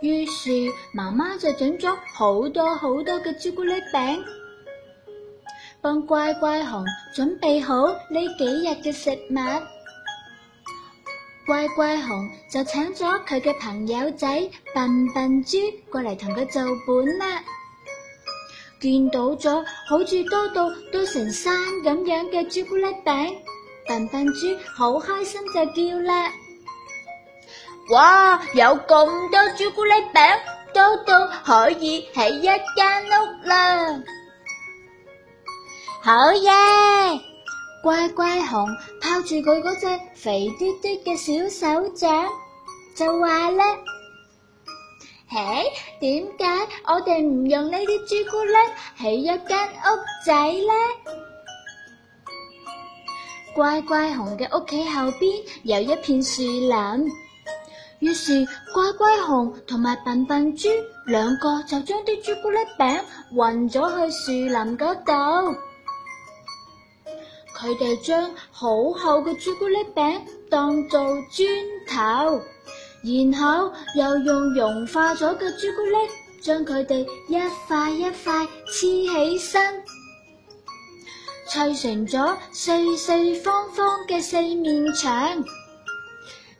於是，媽媽就整咗好多好多嘅朱古力餅，幫乖乖熊準備好呢幾日嘅食物。乖乖熊就請咗佢嘅朋友仔笨笨豬過嚟同佢做伴啦。見到咗好似多到堆成山咁樣嘅朱古力餅，笨笨豬好開心就叫啦。哇，有咁多朱古力餅，多到可以起一間屋啦！好耶！乖乖熊拋住佢嗰隻肥嘟嘟嘅小手掌，就話咧：嘿，點解我哋唔用呢啲朱古力起一間屋仔咧？乖乖熊嘅屋企後邊有一片樹林。於是乖乖熊同埋笨笨豬兩個就將啲朱古力餅運咗去樹林嗰度，佢哋將好厚嘅朱古力餅當做磚頭，然後又用融化咗嘅朱古力將佢哋一塊一塊黐起身，砌成咗四四方方嘅四面牆。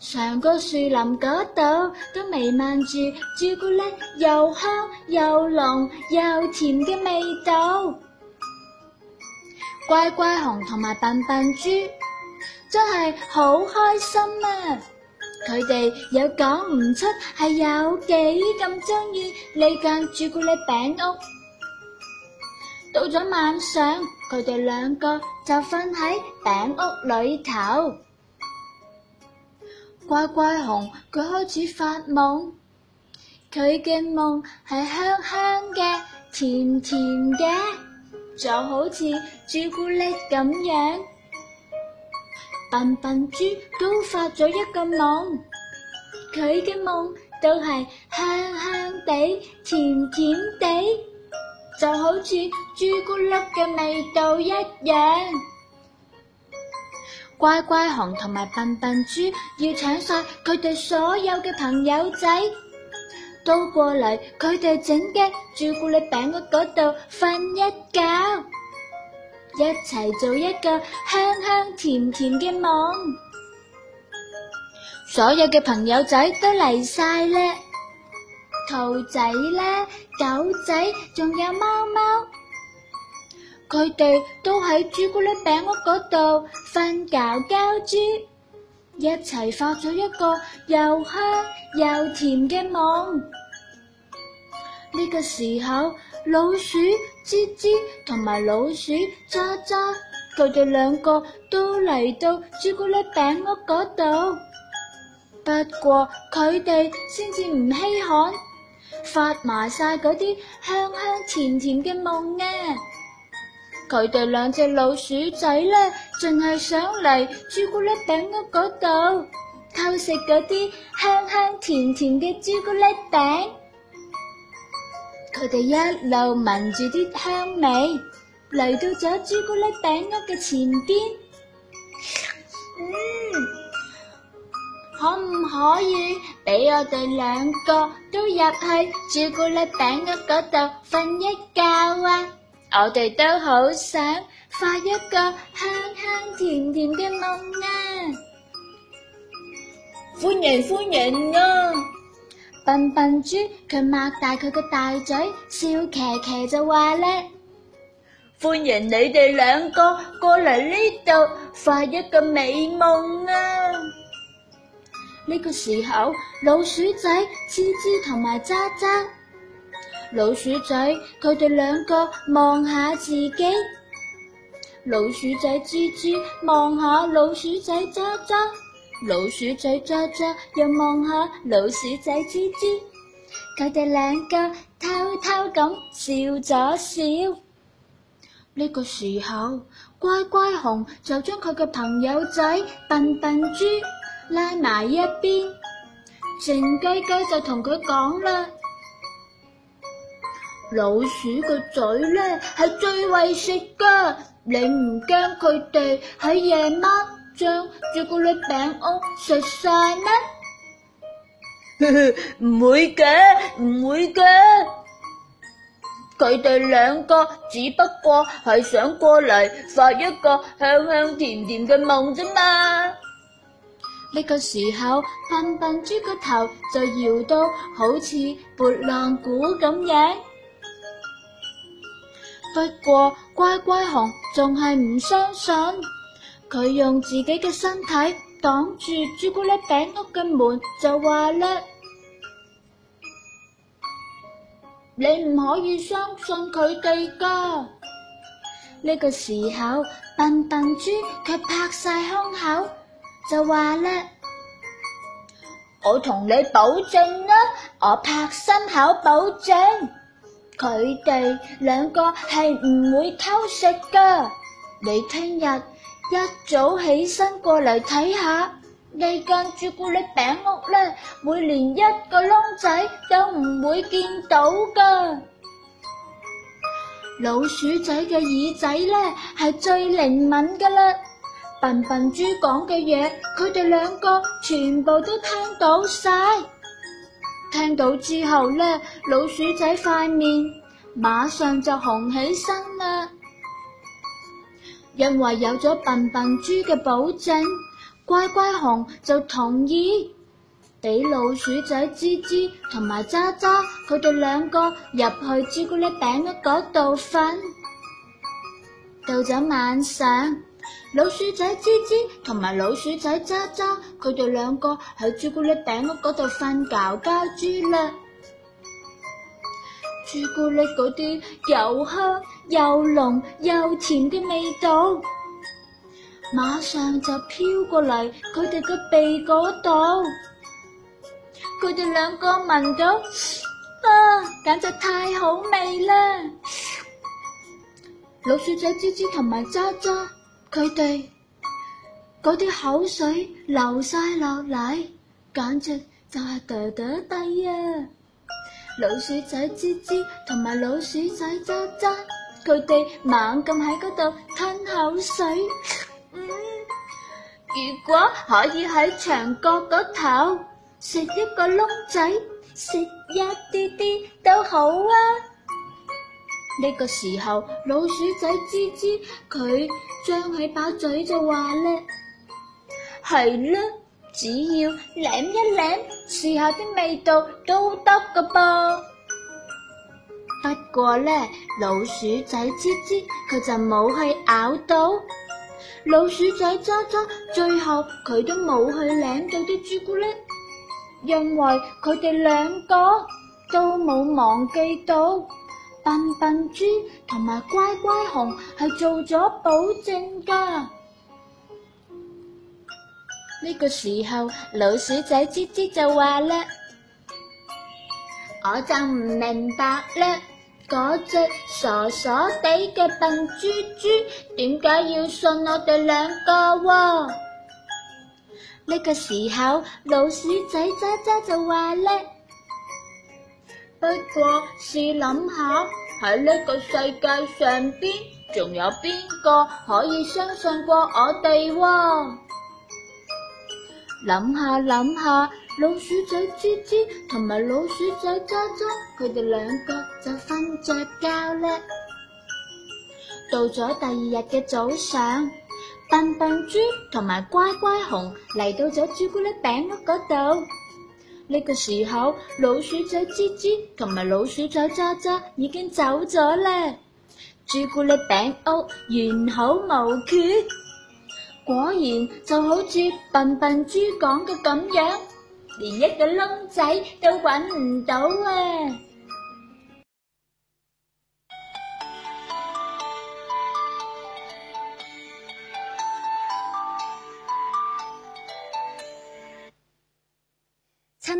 上個樹林嗰度都彌漫住朱古力又香又濃又甜嘅味道，乖乖熊同埋笨笨豬真係好開心啊！佢哋又講唔出係有幾咁鍾意呢間朱古力餅屋。到咗晚上，佢哋兩個就瞓喺餅屋裏頭。乖乖熊，佢開始發夢，佢嘅夢係香香嘅、甜甜嘅，就好似朱古力咁樣。笨笨豬都發咗一個夢，佢嘅夢都係香香地、甜甜地，就好似朱古力嘅味道一樣。乖乖熊同埋笨笨豬要請晒佢哋所有嘅朋友仔都過嚟，佢哋整嘅朱古力餅屋嗰度瞓一覺，一齊做一個香香甜甜嘅夢。所有嘅朋友仔都嚟晒咧，兔仔咧，狗仔，仲有貓貓。佢哋都喺朱古力餅屋嗰度瞓覺覺豬，一齊發咗一個又香又甜嘅夢。呢個時候，老鼠吱吱同埋老鼠喳喳，佢哋兩個都嚟到朱古力餅屋嗰度。不過佢哋先至唔稀罕，發埋晒嗰啲香香甜甜嘅夢呢。佢哋兩隻老鼠仔咧，淨係想嚟朱古力餅屋嗰度偷食嗰啲香香甜甜嘅朱古力餅。佢哋一路聞住啲香味，嚟到咗朱古力餅屋嘅前邊。嗯，可唔可以俾我哋兩個都入去朱古力餅屋嗰度瞓一覺啊？我哋都好想發一個香香甜甜嘅夢啊！歡迎歡迎啊！笨笨豬佢擘大佢個大嘴，笑騎騎就話咧：歡迎你哋兩個過嚟呢度發一個美夢啊！呢個時候，老鼠仔、吱吱同埋渣渣。老鼠仔，佢哋兩個望下自己。老鼠仔吱吱望下老鼠仔抓抓，老鼠仔抓抓又望下老鼠仔吱吱。佢哋兩個偷偷咁笑咗笑。呢個時候，乖乖熊就將佢嘅朋友仔笨笨豬拉埋一邊，靜雞雞就同佢講啦。老鼠個嘴咧係最為食噶，你唔驚佢哋喺夜晚將朱古力餅屋食晒咩？唔 會嘅，唔會嘅，佢哋兩個只不過係想過嚟發一個香香甜甜嘅夢啫嘛。呢個時候，笨笨豬個頭就搖到好似撥浪鼓咁樣。不過乖乖熊仲係唔相信，佢用自己嘅身體擋住朱古力餅屋嘅門，就話咧：你唔可以相信佢哋噶。呢個時候笨笨豬卻拍晒胸口，就話咧：我同你保證啦、啊，我拍心口保證。佢哋兩個係唔會偷食噶，你聽日一早起身過嚟睇下，呢間朱古力餅屋咧，每年一個窿仔都唔會見到噶。老鼠仔嘅耳仔咧係最靈敏噶啦，笨笨豬講嘅嘢，佢哋兩個全部都聽到晒。聽到之後呢，老鼠仔塊面馬上就紅起身啦，因為有咗笨笨豬嘅保證，乖乖熊就同意俾老鼠仔滋滋同埋渣渣佢哋兩個入去朱古力餅嗰度瞓。到咗晚上。老鼠仔吱吱同埋老鼠仔渣渣，佢哋兩個喺朱古力餅屋嗰度瞓覺覺豬啦。朱古力嗰啲又香又濃又甜嘅味道，馬上就飄過嚟佢哋個鼻嗰度。佢哋兩個聞到啊，簡直太好味啦！老鼠仔吱吱同埋渣渣。佢哋嗰啲口水流晒落嚟，簡直就係嗲嗲地啊！老鼠仔吱吱同埋老鼠仔喳喳，佢哋猛咁喺嗰度吞口水。嗯，如果可以喺牆角嗰頭食一個窿仔，食一啲啲都好啊！呢個時候，老鼠仔吱吱佢張起把嘴就話咧：係啦、嗯，嗯、只要舐一舐試下啲味道都得噶噃。不過咧，老鼠仔吱吱佢就冇去咬到，老鼠仔抓渣最後佢都冇去舐到啲朱古力，因為佢哋兩個都冇忘記到。笨笨豬同埋乖乖熊係做咗保證噶，呢個時候老鼠仔吱吱就話叻，我就唔明白叻。嗰隻傻傻地嘅笨豬豬點解要信我哋兩個呢？呢、呢個時候老鼠仔喳喳就話叻。不過試諗下，喺呢個世界上邊，仲有邊個可以相信過我哋喎？諗下諗下，老鼠仔吱吱同埋老鼠仔渣渣，佢哋兩個就瞓着覺咧。到咗第二日嘅早上，笨笨豬同埋乖乖熊嚟到咗朱古力餅屋嗰度。呢個時候，老鼠仔吱吱同埋老鼠仔渣渣已經走咗喇。朱古力餅屋完好無缺，果然就好似笨笨豬講嘅咁樣，連一個窿仔都揾唔到啊！